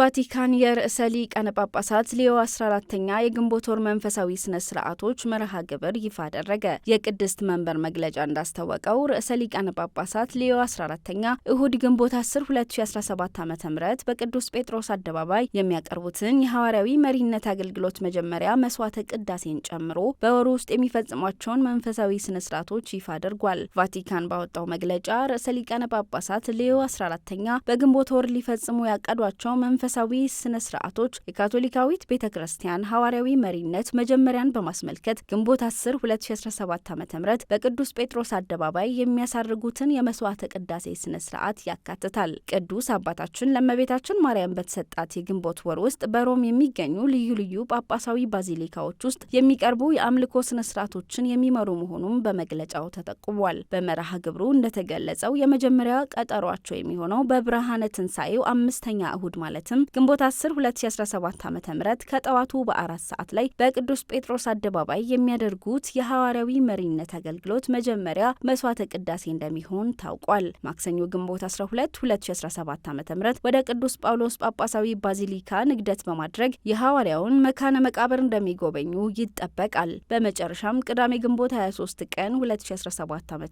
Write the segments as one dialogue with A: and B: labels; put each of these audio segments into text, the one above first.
A: ቫቲካን የርዕሰ ሊቃነ ጳጳሳት ሊዮ 14ተኛ የግንቦት ወር መንፈሳዊ ስነ ስርዓቶች መርሃ ግብር ይፋ አደረገ። የቅድስት መንበር መግለጫ እንዳስታወቀው ርዕሰ ሊቃነ ጳጳሳት ሊዮ 14ተኛ እሁድ ግንቦት 10 2017 ዓ ም በቅዱስ ጴጥሮስ አደባባይ የሚያቀርቡትን የሐዋርያዊ መሪነት አገልግሎት መጀመሪያ መስዋዕተ ቅዳሴን ጨምሮ በወሩ ውስጥ የሚፈጽሟቸውን መንፈሳዊ ስነ ስርዓቶች ይፋ አድርጓል። ቫቲካን ባወጣው መግለጫ ርዕሰ ሊቃነ ጳጳሳት ሊዮ 14ተኛ በግንቦት ወር ሊፈጽሙ ያቀዷቸው መንፈ መንፈሳዊ ስነ ስርዓቶች የካቶሊካዊት ቤተ ክርስቲያን ሐዋርያዊ መሪነት መጀመሪያን በማስመልከት ግንቦት 10 2017 ዓ ም በቅዱስ ጴጥሮስ አደባባይ የሚያሳርጉትን የመስዋዕተ ቅዳሴ ስነ ስርዓት ያካትታል። ቅዱስ አባታችን ለመቤታችን ማርያም በተሰጣት የግንቦት ወር ውስጥ በሮም የሚገኙ ልዩ ልዩ ጳጳሳዊ ባዚሊካዎች ውስጥ የሚቀርቡ የአምልኮ ስነ ስርዓቶችን የሚመሩ መሆኑን በመግለጫው ተጠቁሟል። በመርሃ ግብሩ እንደተገለጸው የመጀመሪያ ቀጠሯቸው የሚሆነው በብርሃነ ትንሣኤው አምስተኛ እሁድ ማለትም መስከረም ግንቦት 10 2017 ዓ ም ከጠዋቱ በአራት ሰዓት ላይ በቅዱስ ጴጥሮስ አደባባይ የሚያደርጉት የሐዋርያዊ መሪነት አገልግሎት መጀመሪያ መስዋዕተ ቅዳሴ እንደሚሆን ታውቋል። ማክሰኞ ግንቦት 12 2017 ዓ ም ወደ ቅዱስ ጳውሎስ ጳጳሳዊ ባዚሊካ ንግደት በማድረግ የሐዋርያውን መካነ መቃብር እንደሚጎበኙ ይጠበቃል። በመጨረሻም ቅዳሜ ግንቦት 23 ቀን 2017 ዓ ም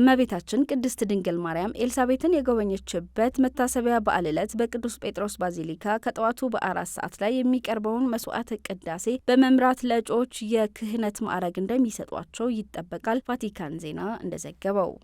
A: እመቤታችን ቅድስት ድንግል ማርያም ኤልሳቤትን የጎበኘችበት መታሰቢያ በዓል ዕለት በቅዱስ ጴጥሮስ ባዚ ባዚሊካ ከጠዋቱ በአራት ሰዓት ላይ የሚቀርበውን መስዋዕተ ቅዳሴ በመምራት ለእጩዎች የክህነት ማዕረግ እንደሚሰጧቸው ይጠበቃል። ቫቲካን ዜና እንደዘገበው